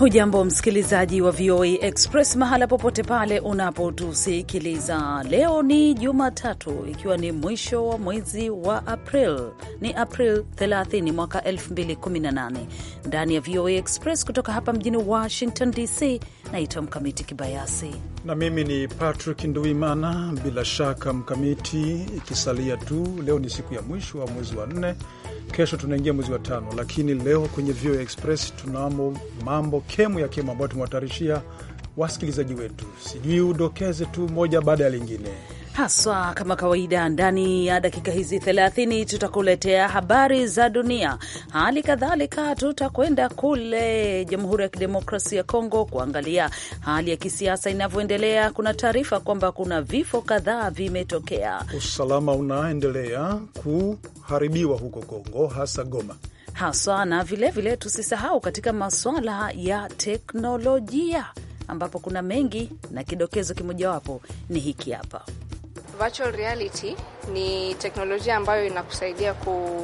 Hujambo msikilizaji wa VOA e Express mahala popote pale unapotusikiliza. Leo ni Jumatatu, ikiwa ni mwisho wa mwezi wa April, ni April 30 mwaka 2018. Ndani ya VOA e Express kutoka hapa mjini Washington DC, naitwa Mkamiti Kibayasi na mimi ni Patrick Nduimana. Bila shaka Mkamiti, ikisalia tu leo ni siku ya mwisho wa mwezi wa nne Kesho tunaingia mwezi wa tano, lakini leo kwenye vio ya Express tunamo mambo kemu ya kemu ambayo tumewatayarishia wasikilizaji wetu. Sijui udokeze tu moja baada ya lingine haswa kama kawaida. Ndani ya dakika hizi 30 tutakuletea habari za dunia, hali kadhalika tutakwenda kule Jamhuri ya Kidemokrasia ya Kongo kuangalia hali ya kisiasa inavyoendelea. Kuna taarifa kwamba kuna vifo kadhaa vimetokea, usalama unaendelea kuharibiwa huko Kongo, hasa Goma haswa na vilevile, tusisahau katika maswala ya teknolojia ambapo kuna mengi na kidokezo kimojawapo ni hiki hapa virtual reality ni teknolojia ambayo inakusaidia ku,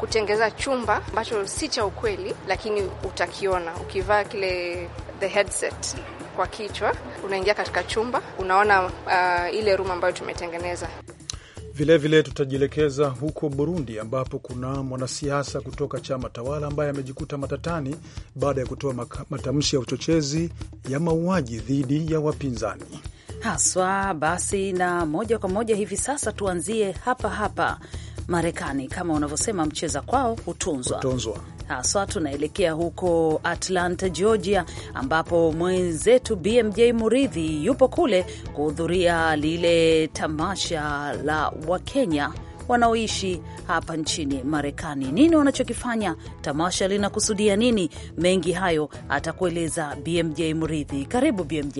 kutengeza chumba ambacho si cha ukweli, lakini utakiona ukivaa kile the headset kwa kichwa, unaingia katika chumba, unaona uh, ile room ambayo tumetengeneza. Vilevile tutajielekeza huko Burundi ambapo kuna mwanasiasa kutoka chama tawala ambaye amejikuta matatani baada ya kutoa matamshi ya uchochezi ya mauaji dhidi ya wapinzani haswa. Basi na moja kwa moja hivi sasa tuanzie hapa hapa Marekani, kama unavyosema mcheza kwao hutunzwa hutunzwa haswa. Tunaelekea huko Atlanta, Georgia, ambapo mwenzetu BMJ Muridhi yupo kule kuhudhuria lile tamasha la Wakenya wanaoishi hapa nchini Marekani. Nini wanachokifanya? Tamasha linakusudia nini? Mengi hayo atakueleza BMJ Muridhi. Karibu BMJ.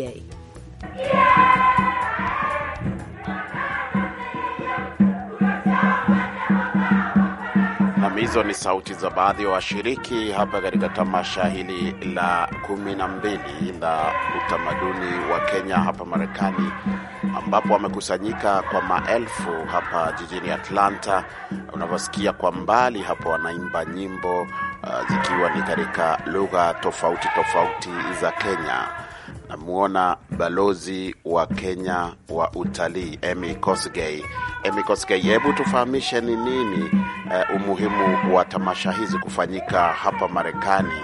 Hizo ni sauti za baadhi ya wa washiriki hapa katika tamasha hili la kumi na mbili la utamaduni wa Kenya hapa Marekani, ambapo wamekusanyika kwa maelfu hapa jijini Atlanta. Unavyosikia kwa mbali hapo, wanaimba nyimbo uh, zikiwa ni katika lugha tofauti tofauti za Kenya namuona balozi wa Kenya wa utalii Emy Kosgei. Emi Kosgei, hebu tufahamishe ni nini eh, umuhimu wa tamasha hizi kufanyika hapa Marekani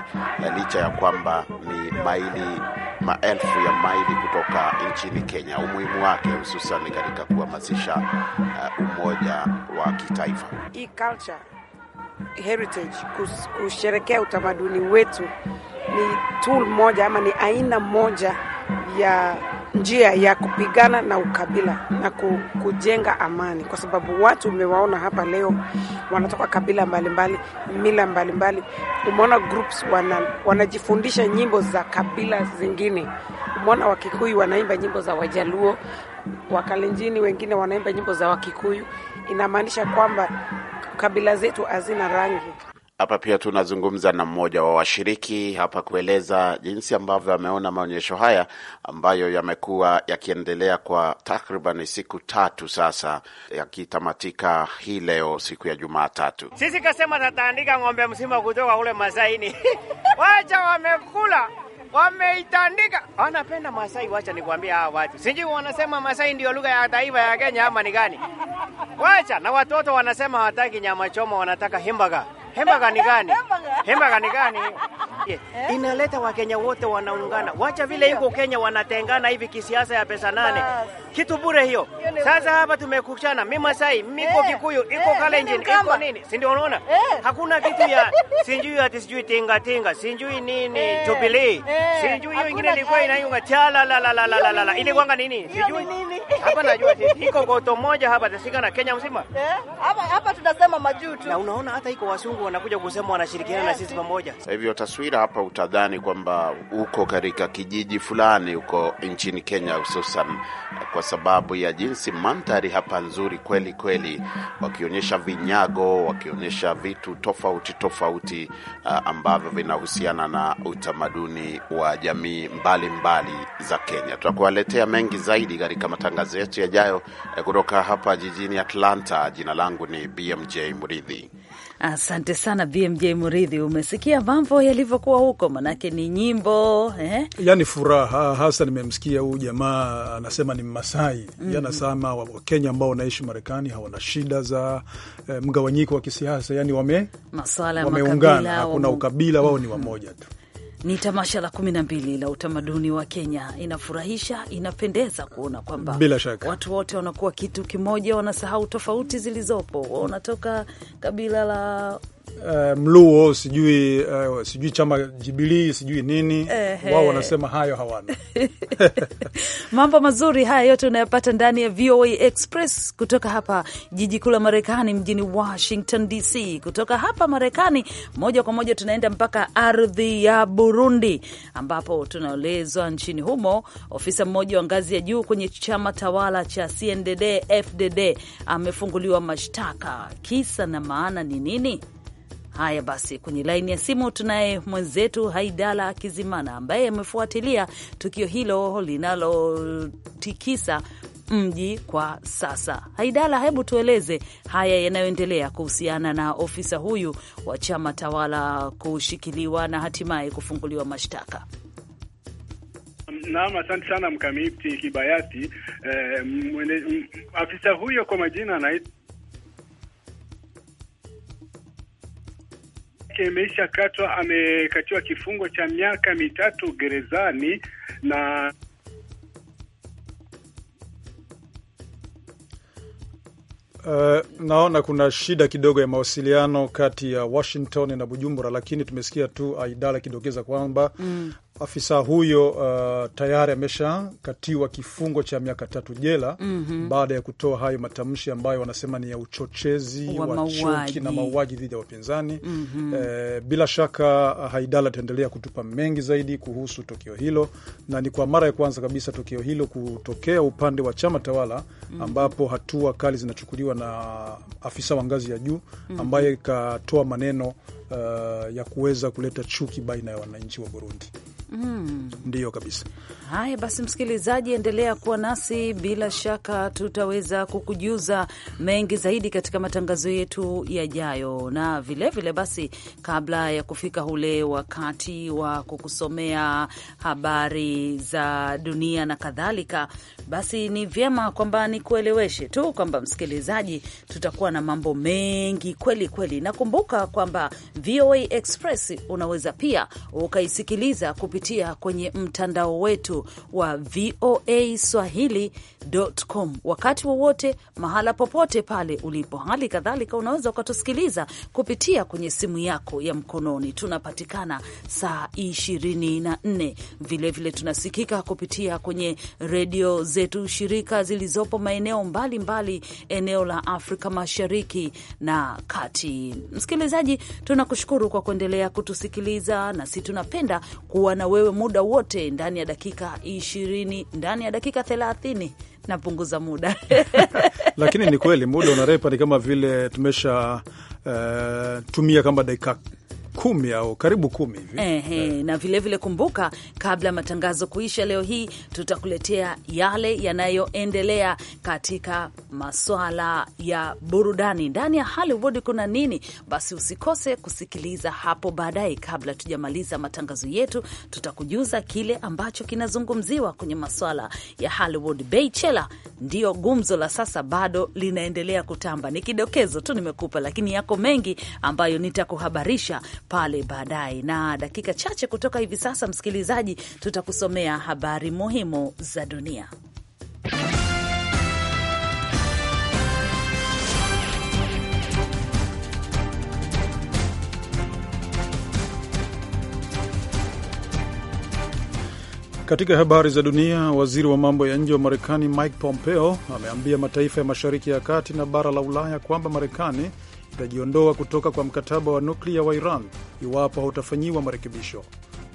eh, licha ya kwamba ni maili maelfu ya maili kutoka nchini Kenya, umuhimu wake hususan katika kuhamasisha uh, umoja wa kitaifa e culture heritage, kusherekea utamaduni wetu ni tool moja ama ni aina moja ya njia ya kupigana na ukabila na kujenga amani, kwa sababu watu umewaona hapa leo, wanatoka kabila mbalimbali mbali, mila mbalimbali mbali. Umeona groups wana, wanajifundisha nyimbo za kabila zingine. Umeona Wakikuyu wanaimba nyimbo za Wajaluo, Wakalenjini wengine wanaimba nyimbo za Wakikuyu. Inamaanisha kwamba kabila zetu hazina rangi, hapa pia tunazungumza na mmoja wa washiriki hapa kueleza jinsi ambavyo ameona maonyesho haya ambayo yamekuwa yakiendelea kwa takriban siku tatu sasa, yakitamatika hii leo siku ya Jumatatu. Sisi kasema tataandika ng'ombe mzima kutoka ule Masaini wacha wamekula wameitandika wanapenda Masai. Wacha nikuambia hawa watu, sijui wanasema Masai ndio lugha ya taifa ya Kenya ama ni gani? Wacha na watoto wanasema hawataki nyama choma, wanataka himbaga Hembaga gani gani? Hembaga gani gani? Yeah. Inaleta Wakenya wote wanaungana. Wacha vile iko Kenya wanatengana hivi kisiasa ya pesa nane. Kitu bure hiyo. Sasa hapa tumekuchana. Mimi Masai, miko eh. Kikuyu, iko eh, Kalenjin, iko nini? Si ndio unaona? Eh. Hakuna kitu ya sinjui ati sijui tinga tinga, sinjui nini Jubilee. Sinjui hiyo ingine ilikuwa inayunga chala la la la la la. Ile kwanga nini? Sijui. nini. Hapa najua iko goto moja hapa tasikana Kenya mzima. Hapa hapa tunasema majuto. Na unaona hata iko wasungu wanakuja kusema wanashirikiana na sisi pamoja. Sasa hivyo taswira hapa utadhani kwamba uko katika kijiji fulani huko nchini Kenya, hususan kwa sababu ya jinsi mandhari hapa nzuri kweli kweli, wakionyesha vinyago, wakionyesha vitu tofauti tofauti uh, ambavyo vinahusiana na utamaduni wa jamii mbalimbali mbali za Kenya. Tutakuwaletea mengi zaidi katika matangazo yetu yajayo eh, kutoka hapa jijini Atlanta. Jina langu ni BMJ Muridhi. Asante sana BMJ Muridhi, umesikia mambo yalivyokuwa huko, manake ni nyimbo eh? Yani furaha hasa. Nimemsikia huyu jamaa anasema ni masai mm -hmm. Yanasema Wakenya ambao wanaishi Marekani hawana shida za eh, mgawanyiko wa kisiasa, yani wame, wameungana, hakuna ukabila wao, mm -hmm. ni wamoja mm-hmm. tu ni tamasha la kumi na mbili la utamaduni wa Kenya. Inafurahisha, inapendeza kuona kwamba bila shaka watu wote wanakuwa kitu kimoja, wanasahau tofauti zilizopo. Wanatoka kabila la uh, Mluo sijui uh, sijui chama Jubilii sijui nini eh, wao wanasema hayo hawana mambo mazuri haya yote unayapata ndani ya VOA Express kutoka hapa jiji kuu la Marekani mjini Washington DC. Kutoka hapa Marekani moja kwa moja tunaenda mpaka ardhi ya Burundi ambapo tunaelezwa nchini humo ofisa mmoja wa ngazi ya juu kwenye chama tawala cha CNDD FDD amefunguliwa mashtaka. Kisa na maana ni nini? Haya basi, kwenye laini ya simu tunaye mwenzetu Haidala Kizimana ambaye amefuatilia tukio hilo linalotikisa mji kwa sasa. Haidala, hebu tueleze haya yanayoendelea kuhusiana na ofisa huyu wa chama tawala kushikiliwa na hatimaye kufunguliwa mashtaka. Naam, asante sana Mkamiti Kibayati. Eh, afisa huyo kwa majina anaitwa yake imeisha katwa, amekatiwa kifungo cha miaka mitatu gerezani na Uh, naona kuna shida kidogo ya mawasiliano kati ya Washington na Bujumbura, lakini tumesikia tu Aidala kidokeza kwamba mm, afisa huyo uh, tayari ameshakatiwa kifungo cha miaka tatu jela mm -hmm. baada ya kutoa hayo matamshi ambayo wanasema ni ya uchochezi wa, chuki na mauaji dhidi ya wapinzani mm -hmm. Eh, bila shaka uh, Haidala ataendelea kutupa mengi zaidi kuhusu tukio hilo, na ni kwa mara ya kwanza kabisa tukio hilo kutokea upande wa chama tawala mm -hmm. ambapo hatua kali zinachukuliwa na afisa wa ngazi ya juu mhm. ambaye ikatoa maneno uh, ya kuweza kuleta chuki baina ya wananchi wa Burundi. Mm. Ndiyo kabisa. Haya basi, msikilizaji, endelea kuwa nasi, bila shaka tutaweza kukujuza mengi zaidi katika matangazo yetu yajayo. Na vilevile vile basi, kabla ya kufika ule wakati wa kukusomea habari za dunia na kadhalika, basi ni vyema kwamba nikueleweshe tu kwamba msikilizaji, tutakuwa na mambo mengi kweli kweli. Nakumbuka kwamba VOA Express unaweza pia ukaisikiliza kupi kupitia kwenye mtandao wetu wa VOA Swahili.com wakati wowote, mahala popote pale ulipo. Hali kadhalika unaweza ukatusikiliza kupitia kwenye simu yako ya mkononi, tunapatikana saa 24. Vilevile tunasikika kupitia kwenye redio zetu shirika zilizopo maeneo mbalimbali mbali, eneo la Afrika Mashariki na Kati. Msikilizaji, tunakushukuru kwa kuendelea kutusikiliza, na si tunapenda kuwa na na wewe muda wote ndani ya dakika ishirini, ndani ya dakika thelathini napunguza muda lakini ni kweli muda unarepa, ni kama vile tumesha uh, tumia kama dakika kumi au karibu kumi hivi eh, eh. Na vilevile vile kumbuka, kabla matangazo kuisha leo hii, tutakuletea yale yanayoendelea katika maswala ya burudani ndani ya Hollywood. Kuna nini? Basi usikose kusikiliza hapo baadaye. Kabla tujamaliza matangazo yetu, tutakujuza kile ambacho kinazungumziwa kwenye maswala ya Hollywood. Beychella ndiyo gumzo la sasa, bado linaendelea kutamba. Ni kidokezo tu nimekupa, lakini yako mengi ambayo nitakuhabarisha pale baadaye. Na dakika chache kutoka hivi sasa, msikilizaji, tutakusomea habari muhimu za dunia. Katika habari za dunia, waziri wa mambo ya nje wa Marekani Mike Pompeo ameambia mataifa ya Mashariki ya Kati na bara la Ulaya kwamba Marekani itajiondoa kutoka kwa mkataba wa nuklia wa Iran iwapo hautafanyiwa marekebisho.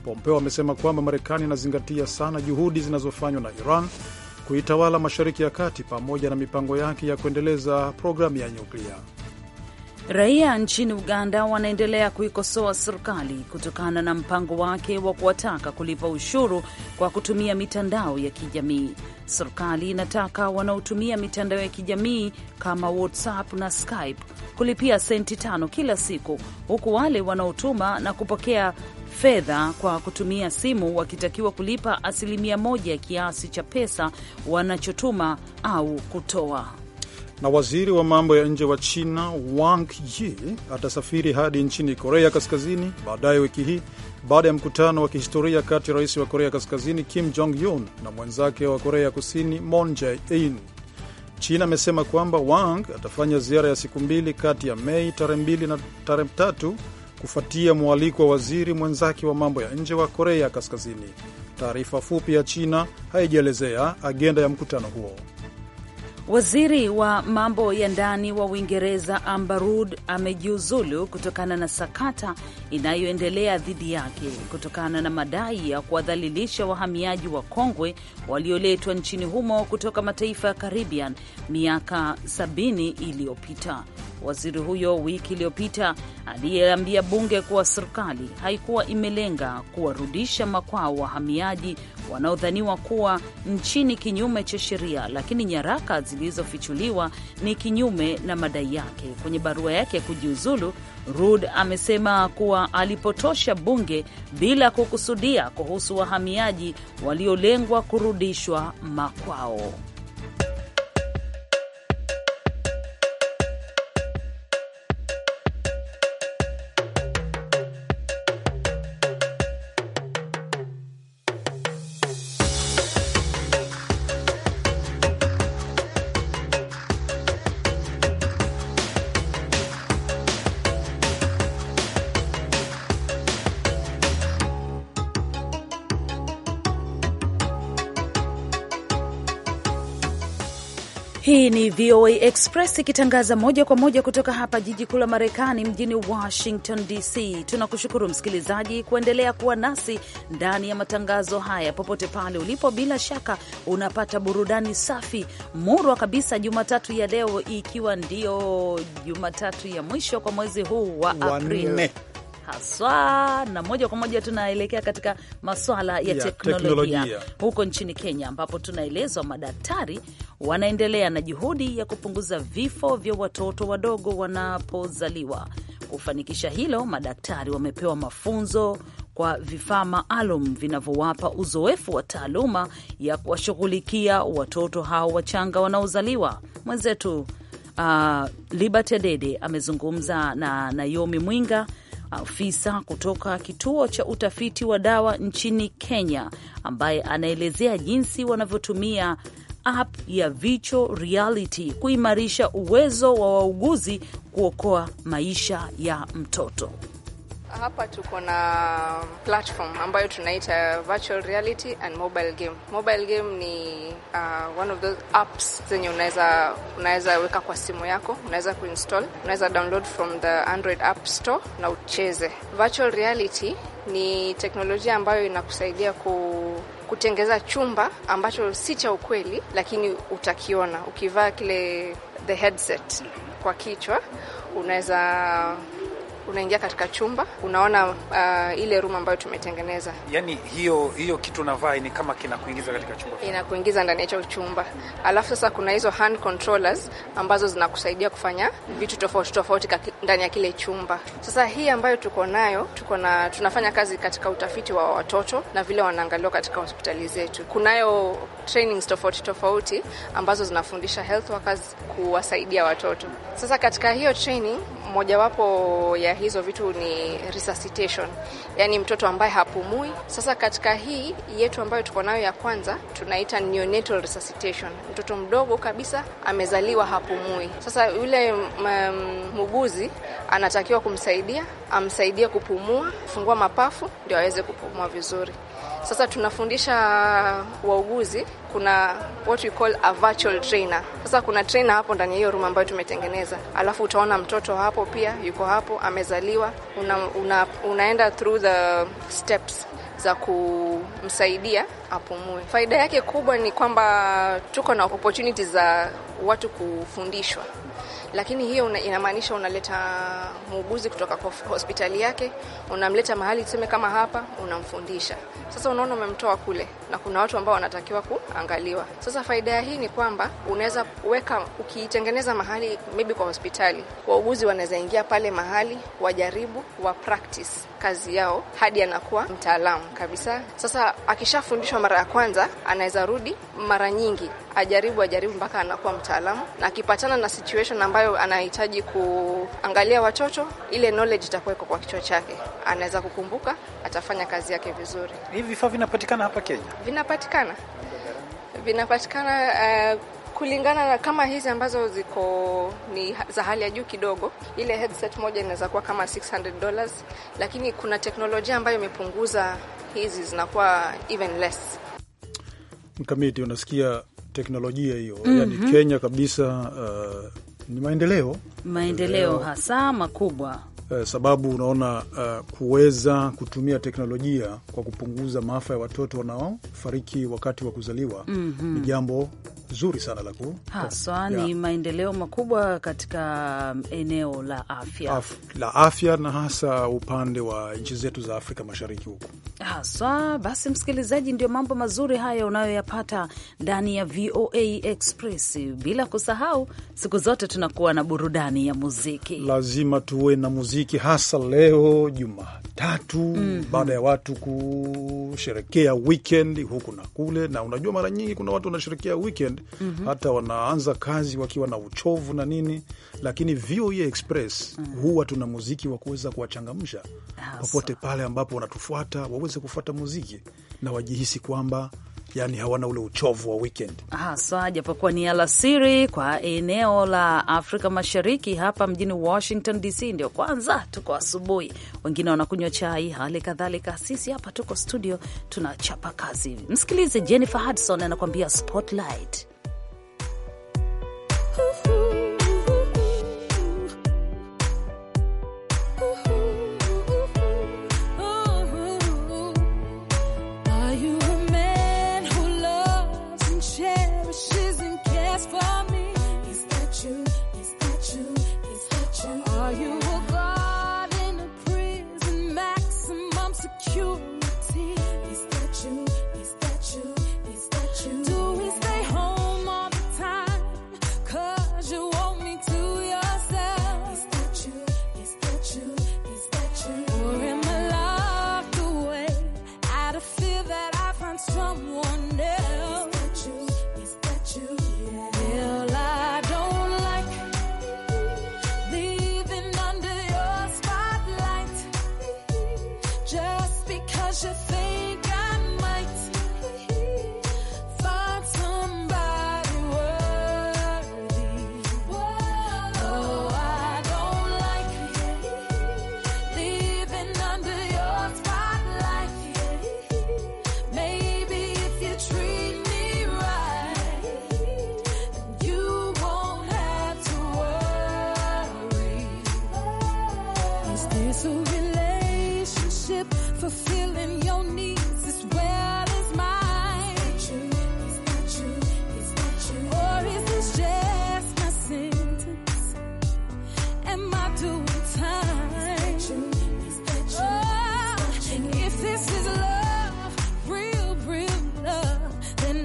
Pompeo amesema kwamba Marekani inazingatia sana juhudi zinazofanywa na Iran kuitawala Mashariki ya Kati pamoja na mipango yake ya kuendeleza programu ya nyuklia. Raia nchini Uganda wanaendelea kuikosoa serikali kutokana na mpango wake wa kuwataka kulipa ushuru kwa kutumia mitandao ya kijamii. Serikali inataka wanaotumia mitandao ya kijamii kama WhatsApp na Skype kulipia senti tano kila siku, huku wale wanaotuma na kupokea fedha kwa kutumia simu wakitakiwa kulipa asilimia moja ya kiasi cha pesa wanachotuma au kutoa na waziri wa mambo ya nje wa China Wang Yi atasafiri hadi nchini Korea Kaskazini baadaye wiki hii baada ya mkutano wa kihistoria kati ya rais wa Korea Kaskazini Kim Jong Un na mwenzake wa Korea Kusini Moon Jae-in. China amesema kwamba Wang atafanya ziara ya siku mbili kati ya Mei tarehe mbili na tarehe tatu kufuatia mwaliko wa waziri mwenzake wa mambo ya nje wa Korea Kaskazini. Taarifa fupi ya China haijaelezea agenda ya mkutano huo. Waziri wa mambo ya ndani wa Uingereza Amber Rudd amejiuzulu kutokana na sakata inayoendelea dhidi yake kutokana na madai ya kuwadhalilisha wahamiaji wa kongwe walioletwa nchini humo kutoka mataifa ya Caribbean miaka 70 iliyopita waziri huyo wiki iliyopita aliyeambia bunge kuwa serikali haikuwa imelenga kuwarudisha makwao wahamiaji wanaodhaniwa kuwa nchini kinyume cha sheria, lakini nyaraka zilizofichuliwa ni kinyume na madai yake. Kwenye barua yake ya kujiuzulu, Rud amesema kuwa alipotosha bunge bila kukusudia kuhusu wahamiaji waliolengwa kurudishwa makwao. VOA Express ikitangaza moja kwa moja kutoka hapa jiji kuu la Marekani, mjini Washington DC. Tunakushukuru msikilizaji kuendelea kuwa nasi ndani ya matangazo haya, popote pale ulipo. Bila shaka unapata burudani safi murwa kabisa Jumatatu ya leo, ikiwa ndiyo Jumatatu ya mwisho kwa mwezi huu wa Aprili haswa, na moja kwa moja tunaelekea katika maswala ya yeah, teknolojia, teknolojia huko nchini Kenya ambapo tunaelezwa madaktari wanaendelea na juhudi ya kupunguza vifo vya watoto wadogo wanapozaliwa. Kufanikisha hilo, madaktari wamepewa mafunzo kwa vifaa maalum vinavyowapa uzoefu wa taaluma ya kuwashughulikia watoto hao wachanga wanaozaliwa. Mwenzetu uh, Liberty Dede amezungumza na Naomi Mwinga afisa kutoka kituo cha utafiti wa dawa nchini Kenya, ambaye anaelezea jinsi wanavyotumia app ya Vicho Reality kuimarisha uwezo wa wauguzi kuokoa maisha ya mtoto. Hapa tuko na platform ambayo tunaita virtual reality and mobile game. Mobile game ni uh, one of those apps zenye unaweza unaweza weka kwa simu yako, unaweza kuinstall, unaweza download from the Android app store na ucheze. Virtual reality ni teknolojia ambayo inakusaidia ku kutengeza chumba ambacho si cha ukweli, lakini utakiona ukivaa kile the headset kwa kichwa, unaweza unaingia katika chumba unaona uh, ile room ambayo tumetengeneza. Yani hiyo hiyo kitu unavaa ni kama kinakuingiza katika chumba, inakuingiza ndani ya hicho chumba. Alafu sasa kuna hizo hand controllers ambazo zinakusaidia kufanya vitu tofauti tofauti ndani ya kile chumba. Sasa hii ambayo tuko nayo tuko na tunafanya kazi katika utafiti wa watoto na vile wanaangaliwa katika hospitali zetu. Kunayo trainings tofauti tofauti ambazo zinafundisha health workers kuwasaidia watoto. Sasa katika hiyo training mojawapo ya hizo vitu ni resuscitation, yaani mtoto ambaye hapumui. Sasa katika hii yetu ambayo tuko nayo ya kwanza tunaita neonatal resuscitation, mtoto mdogo kabisa amezaliwa hapumui. Sasa yule mm, muuguzi anatakiwa kumsaidia, amsaidie kupumua, kufungua mapafu ndio aweze kupumua vizuri. Sasa tunafundisha wauguzi, kuna what we call a virtual trainer. Sasa kuna trainer hapo ndani ya hiyo room ambayo tumetengeneza, alafu utaona mtoto hapo pia yuko hapo, amezaliwa. Una, una, unaenda through the steps za kumsaidia apumue. Faida yake kubwa ni kwamba tuko na opportunities za watu kufundishwa lakini hiyo inamaanisha unaleta muuguzi kutoka kwa hospitali yake, unamleta mahali tuseme kama hapa, unamfundisha. Sasa unaona umemtoa kule na kuna watu ambao wanatakiwa kuangaliwa. Sasa faida ya hii ni kwamba unaweza weka, ukiitengeneza mahali maybe kwa hospitali, wauguzi wanaweza ingia pale mahali wajaribu wa practice kazi yao hadi anakuwa mtaalamu kabisa. Sasa akishafundishwa mara ya kwanza, anaweza rudi mara nyingi, ajaribu ajaribu mpaka anakuwa mtaalamu, na akipatana na situation ambayo anahitaji kuangalia watoto, ile knowledge itakuwa iko kwa kichwa chake, anaweza kukumbuka, atafanya kazi yake vizuri. Hivi vifaa vinapatikana hapa Kenya? vinapatikana vinapatikana uh, kulingana na kama hizi ambazo ziko ni za hali ya juu kidogo, ile headset moja inaweza kuwa kama 600 dollars, lakini kuna teknolojia ambayo imepunguza hizi zinakuwa even less. Mkamiti, unasikia teknolojia hiyo? mm -hmm. Yani Kenya kabisa, uh, ni maendeleo maendeleo hasa makubwa eh, sababu unaona uh, kuweza kutumia teknolojia kwa kupunguza maafa ya watoto wanaofariki wakati wa kuzaliwa mm -hmm. ni jambo zuri sana la ku haswa ni maendeleo makubwa katika um, eneo la afya Af, la afya na hasa upande wa nchi zetu za Afrika Mashariki huko haswa. Basi msikilizaji, ndio mambo mazuri haya unayoyapata ndani ya VOA Express, bila kusahau siku zote tunakuwa na burudani ya muziki. Lazima tuwe na muziki, hasa leo Jumatatu mm -hmm. baada ya watu kusherekea weekend huku na kule, na unajua mara nyingi kuna watu wanasherekea weekend mm -hmm. hata wanaanza kazi wakiwa na uchovu na nini, lakini VOA e Express mm -hmm. huwa tuna muziki wa kuweza kuwachangamsha ah, popote pale ambapo wanatufuata waweze kufuata muziki na wajihisi kwamba yani hawana ule uchovu wa weekend haswa, ah, japokuwa ni alasiri kwa eneo la Afrika Mashariki. Hapa mjini Washington DC ndio kwanza tuko asubuhi, wengine wanakunywa chai, hali kadhalika sisi hapa tuko studio tunachapa kazi. Msikilize Jennifer Hudson anakuambia Spotlight.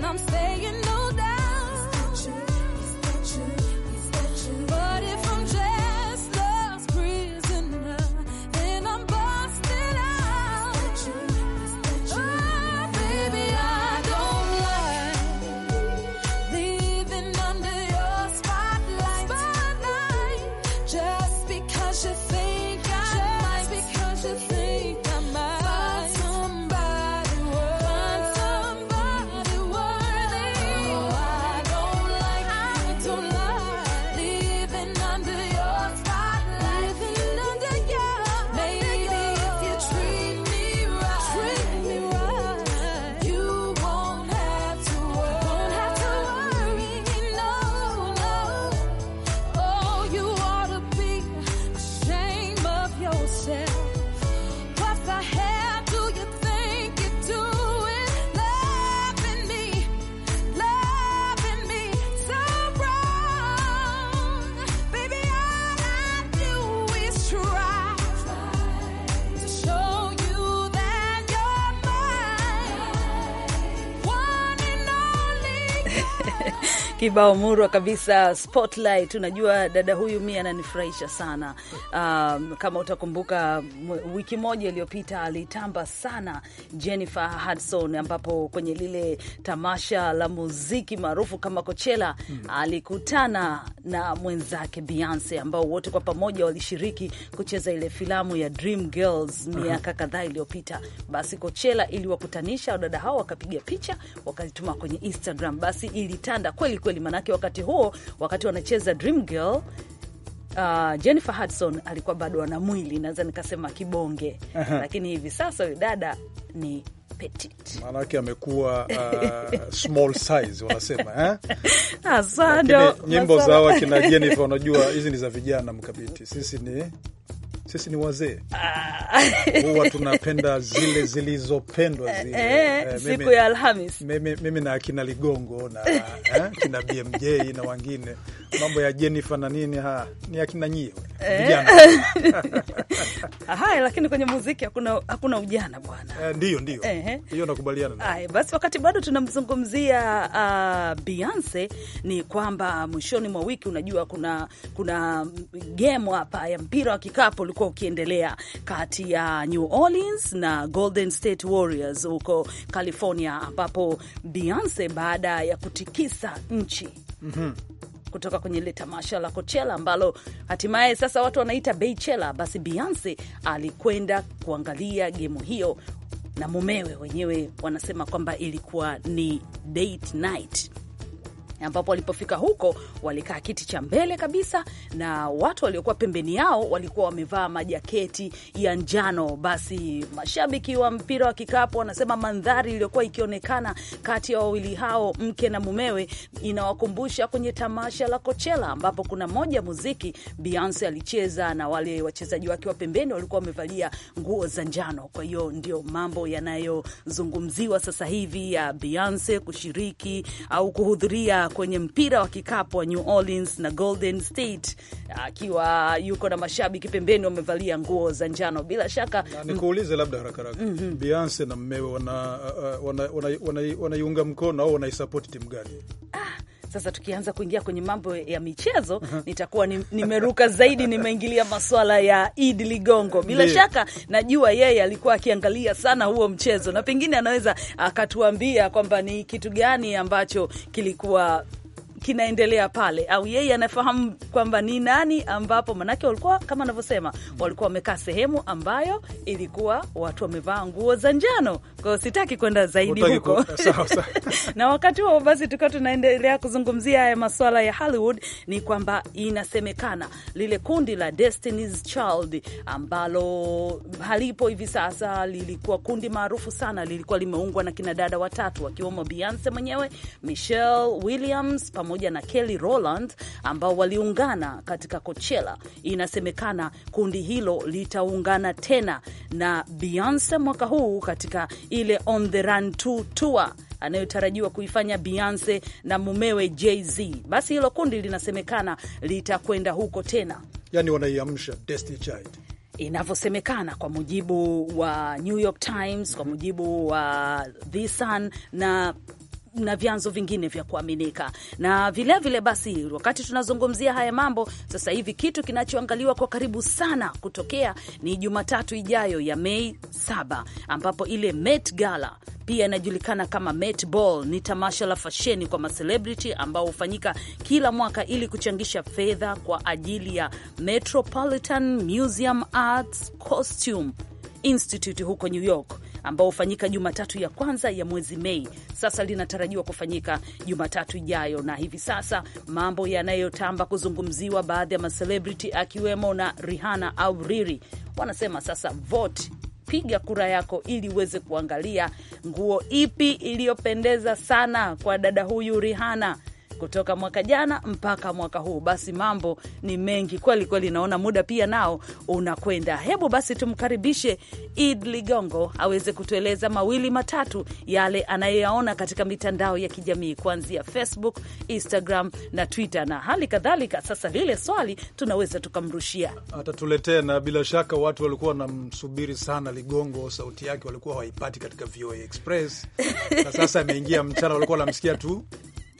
I'm staying kibao murwa kabisa Spotlight. Unajua dada huyu mi ananifurahisha sana. Um, kama utakumbuka wiki moja iliyopita alitamba sana Jennifer Hudson, ambapo kwenye lile tamasha la muziki maarufu kama Coachella mm -hmm. alikutana na mwenzake Beyonce ambao wote kwa pamoja walishiriki kucheza ile filamu ya Dream Girls miaka kadhaa iliyopita. Basi Coachella iliwakutanisha dada hao, wakapiga picha wakazituma kwenye Instagram, basi ilitanda kweli kweli kweli, maanake wakati huo, wakati wanacheza Dream Girl Uh, Jennifer Hudson alikuwa bado ana mwili naweza nikasema kibonge lakini hivi sasa huyu dada ni petite, maanake amekuwa uh, small size wanasema eh? Nyimbo zao kina Jennifer, unajua hizi ni za vijana mkabiti, sisi ni sisi ni wazee ah. huwa tunapenda zile zilizopendwa eh, zile. E, siku ya Alhamis mimi, mimi na akina Ligongo na eh, kina BMJ na wengine mambo ya Jennifer na nini ha, ni akina nyie vijana haya, lakini kwenye muziki hakuna, hakuna ujana bwana. E, ndio ndio hiyo nakubaliana nayo. Basi wakati bado tunamzungumzia uh, Beyonce ni kwamba mwishoni mwa wiki unajua kuna kuna gemu hapa ya mpira wa kikapu ulikuwa ulikuwa ukiendelea kati ya New Orleans na Golden State Warriors huko California, ambapo Beyonce baada ya kutikisa nchi mm -hmm kutoka kwenye lile tamasha la Coachella ambalo hatimaye sasa watu wanaita Beychella. Basi Beyonce alikwenda kuangalia gemu hiyo na mumewe, wenyewe wanasema kwamba ilikuwa ni date night ambapo walipofika huko walikaa kiti cha mbele kabisa, na watu waliokuwa pembeni yao walikuwa wamevaa majaketi ya njano. Basi mashabiki wa mpira wa kikapu wanasema mandhari iliyokuwa ikionekana kati ya wawili hao, mke na mumewe, inawakumbusha kwenye tamasha la Coachella, ambapo kuna moja muziki Beyonce alicheza na wale wachezaji wake wa pembeni walikuwa wamevalia nguo za njano. Kwa hiyo ndio mambo yanayozungumziwa sasa hivi ya Beyonce kushiriki au kuhudhuria kwenye mpira wa kikapu wa New Orleans na Golden State akiwa yuko na mashabiki pembeni wamevalia nguo za njano. Bila shaka nikuulize labda haraka haraka, mm -hmm. Beyonce na mmewe wanaiunga uh, uh, wana, wana, wana, wana mkono au wanaisapoti timu gani? Sasa tukianza kuingia kwenye mambo ya michezo nitakuwa nimeruka zaidi, nimeingilia maswala ya Idi Ligongo. Bila yeah. shaka najua yeye alikuwa akiangalia sana huo mchezo, na pengine anaweza akatuambia kwamba ni kitu gani ambacho kilikuwa kinaendelea pale, au yeye anafahamu kwamba ni nani, ambapo manake walikuwa kama anavyosema, walikuwa wamekaa sehemu ambayo ilikuwa watu wamevaa nguo za njano. Kwa hiyo sitaki kwenda zaidi huko na wakati huo basi, tukiwa tunaendelea kuzungumzia haya maswala ya Hollywood, ni kwamba inasemekana lile kundi la Destiny's Child ambalo halipo hivi sasa, lilikuwa kundi maarufu sana, lilikuwa limeungwa na kina dada watatu wakiwemo Beyonce mwenyewe, Michelle Williams pamoja pamoja na Kelly Rowland ambao waliungana katika Coachella. Inasemekana kundi hilo litaungana tena na Beyonce mwaka huu katika ile On The Run 2 tour anayotarajiwa kuifanya Beyonce na mumewe Jay-Z. Basi hilo kundi linasemekana litakwenda huko tena, yani wanaiamsha Destiny Child inavyosemekana kwa mujibu wa New York Times, kwa mujibu wa The Sun na na vyanzo vingine vya kuaminika. Na vilevile vile basi, wakati tunazungumzia haya mambo sasa hivi, kitu kinachoangaliwa kwa karibu sana kutokea ni Jumatatu ijayo ya Mei saba, ambapo ile Met Gala pia inajulikana kama Met Ball ni tamasha la fasheni kwa macelebrity ambao hufanyika kila mwaka ili kuchangisha fedha kwa ajili ya Metropolitan Museum Arts Costume Institute huko New York ambao hufanyika Jumatatu ya kwanza ya mwezi Mei. Sasa linatarajiwa kufanyika Jumatatu ijayo, na hivi sasa mambo yanayotamba kuzungumziwa, baadhi ya macelebrity akiwemo na Rihanna au Riri wanasema sasa vote piga kura yako ili uweze kuangalia nguo ipi iliyopendeza sana kwa dada huyu Rihanna kutoka mwaka jana mpaka mwaka huu. Basi mambo ni mengi kweli kweli, naona muda pia nao unakwenda. Hebu basi tumkaribishe Id Ligongo aweze kutueleza mawili matatu yale anayoyaona katika mitandao ya kijamii kuanzia Facebook, Instagram na Twitter na hali kadhalika. Sasa lile swali tunaweza tukamrushia, atatuletea na bila shaka watu walikuwa wanamsubiri sana Ligongo, sauti yake walikuwa hawaipati katika VOA Express na sasa ameingia mchana, walikuwa wanamsikia tu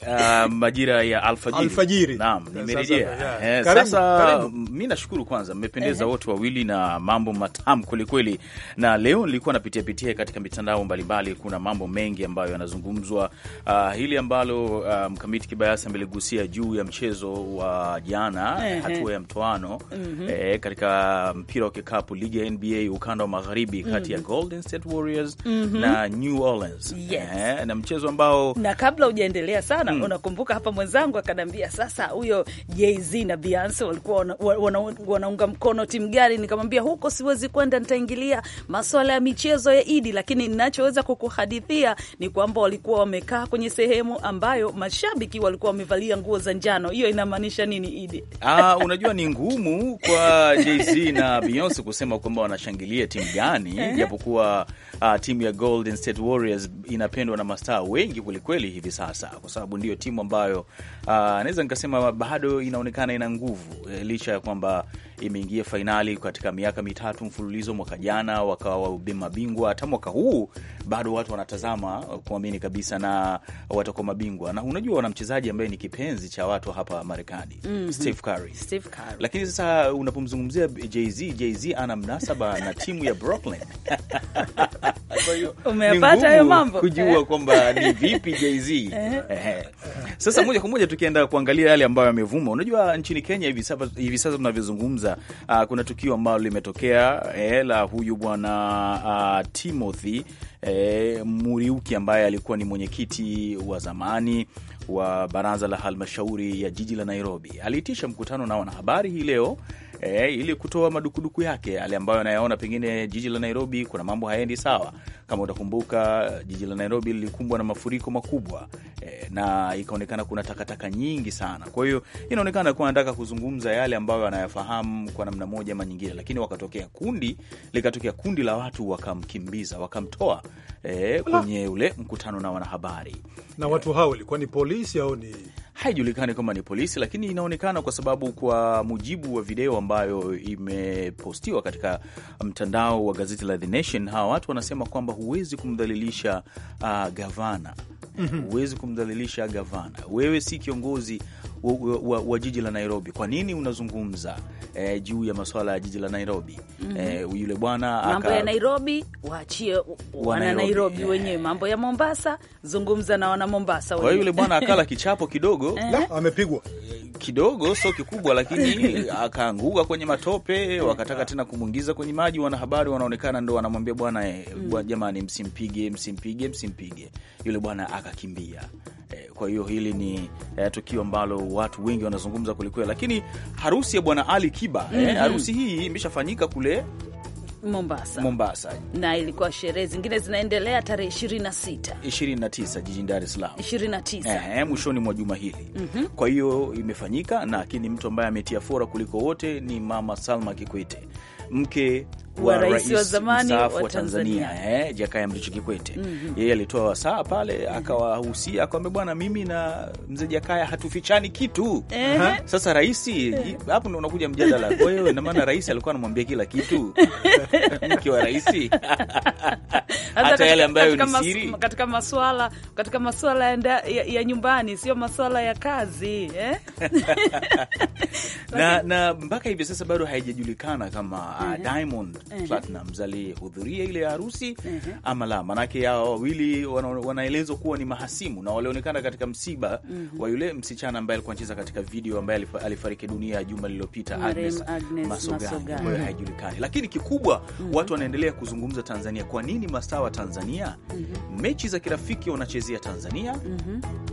Uh, majira ya alfajiri, alfajiri. Naam, nimerejea sasa, yeah. Eh, sasa mi nashukuru kwanza, mmependeza wote wawili na mambo matamu kwelikweli, na leo nilikuwa pitia katika mitandao mbalimbali, kuna mambo mengi ambayo yanazungumzwa. Uh, hili ambalo ah, mkamiti um, kibayasi ameligusia juu ya mchezo wa jana hatua ya mtoano mhm. eh, katika mpira wa kikapu ligi ya NBA ukanda wa magharibi mhm. kati ya Golden State Warriors mhm. na New Orleans, yes. Eh, na mchezo ambao na kabla ujaendelea sana sana mm. Unakumbuka hapa mwenzangu akanaambia sasa, huyo Jay-Z na Beyonce walikuwa wanaunga wana, wana mkono timu gani? Nikamwambia huko siwezi kwenda, nitaingilia maswala ya michezo ya Idi, lakini ninachoweza kukuhadithia ni kwamba walikuwa wamekaa kwenye sehemu ambayo mashabiki walikuwa wamevalia nguo za njano. Hiyo inamaanisha nini, Idi? Ah, unajua ni ngumu kwa Jay-Z na Beyonce kusema kwamba wanashangilia timu gani eh. japokuwa uh, timu ya Golden State Warriors inapendwa na mastaa wengi kwelikweli hivi sasa, kwa sababu ndiyo timu ambayo uh, naweza nikasema bado inaonekana ina nguvu eh, licha ya kwamba imeingia fainali katika miaka mitatu mfululizo. Mwaka jana wakawa mabingwa, hata mwaka huu bado watu wanatazama uh, kuamini kabisa na watakuwa mabingwa. Na unajua wana mchezaji ambaye ni kipenzi cha watu hapa Marekani, mm -hmm. Steve Curry. Steve Curry. Lakini sasa unapomzungumzia Jay-Z, Jay-Z ana mnasaba na timu ya Brooklyn umepata hayo mambo kujua eh. kwamba ni vipi Jay-Z. Eh. Sasa moja kwa moja tukienda kuangalia yale ambayo yamevuma, unajua nchini Kenya hivi sasa tunavyozungumza kwanza uh, kuna tukio ambalo limetokea eh, la huyu bwana uh, Timothy eh, Muriuki ambaye alikuwa ni mwenyekiti wa zamani wa baraza la halmashauri ya jiji la Nairobi aliitisha mkutano na wanahabari hii leo e, ili kutoa madukuduku yake yale ambayo anayaona pengine jiji la Nairobi kuna mambo hayaendi sawa. Kama utakumbuka jiji la Nairobi lilikumbwa na mafuriko makubwa e, na ikaonekana kuna takataka nyingi sana. Kwa hiyo inaonekana kuwa anataka kuzungumza yale ambayo anayafahamu kwa namna moja ama nyingine, lakini wakatokea kundi likatokea kundi la watu wakamkimbiza, wakamtoa e, kwenye ule mkutano na wanahabari na watu hao walikuwa ni polisi au ni haijulikani kama ni polisi, lakini inaonekana kwa sababu, kwa mujibu wa video ambayo imepostiwa katika mtandao wa gazeti la The Nation, hawa watu wanasema kwamba huwezi kumdhalilisha uh, gavana, mhm. huwezi kumdhalilisha gavana. Wewe si kiongozi wa, wa, wa jiji la Nairobi. Kwa nini unazungumza eh, juu ya masuala ya jiji la Nairobi? mm -hmm. Eh, yule bwana mambo ya Nairobi waachie wana Nairobi eh. wenyewe, mambo ya Mombasa zungumza na wana Mombasa Kwa hiyo yule bwana akala kichapo kidogo, eh. amepigwa kidogo, sio kikubwa, lakini akaanguka kwenye matope, wakataka tena kumwingiza kwenye maji. Wanahabari wanaonekana ndo wanamwambia bwana, eh, mm. Jamani, msimpige, msimpige, msimpige. Yule bwana akakimbia. Eh, kwa hiyo hili ni eh, tukio ambalo watu wengi wanazungumza kwelikweli, lakini harusi ya Bwana Ali Kiba mm -hmm. eh, mhm. harusi hii imeshafanyika kule Mombasa. Mombasa na ilikuwa sherehe zingine zinaendelea tarehe 26, 29 jijini Dar es Salaam 29, eh, eh, mwishoni mwa juma hili mm -hmm. Kwa hiyo imefanyika, lakini mtu ambaye ametia fora kuliko wote ni Mama Salma Kikwete, mke wa rais wa zamani wa Tanzania, Tanzania eh, Jakaya Mrisho Kikwete mm -hmm. Yeye alitoa wasaa pale akawahusia, akamwambia bwana, mimi na mzee Jakaya hatufichani kitu eh. Sasa rais hapo ndo unakuja mjadala hiyo ina maana rais alikuwa anamwambia kila kitu mke wa rais hata yale ambayo ni siri katika masuala katika masuala ya, ya nyumbani, sio masuala ya kazi eh? na, na mpaka hivi sasa bado haijajulikana kama uh, Diamond Eh. Platnumz alihudhuria ile harusi eh. ama la, manake hao wawili wanaelezwa kuwa ni mahasimu na walionekana katika msiba mhm. wa yule msichana ambaye alikuwa anacheza katika video ambaye alifariki dunia juma lililopita, Agnes Masogani ambayo haijulikani, lakini kikubwa mhm. watu wanaendelea kuzungumza Tanzania, kwa nini mastaa wa Tanzania mhm. mechi za kirafiki wanachezea Tanzania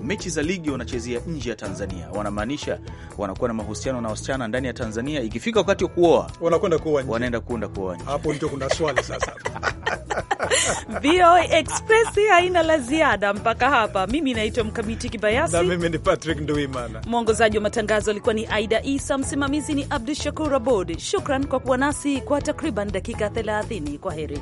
mechi za ligi wanachezea nje ya Tanzania, wanamaanisha wanakuwa na mahusiano na wasichana ndani ya Tanzania, ikifika wakati wa kuoa wanakwenda kuoa, wanaenda kuenda kuoa hapo ndio kuna swali sasa. VOA Express haina la ziada mpaka hapa. Mimi naitwa Mkamiti Kibayasi na mimi ni Patrick Nduimana. Mwongozaji wa matangazo alikuwa ni Aida Isa, msimamizi ni Abdu Shakur Abod. Shukran kwa kuwa nasi kwa takriban dakika 30. Kwa heri.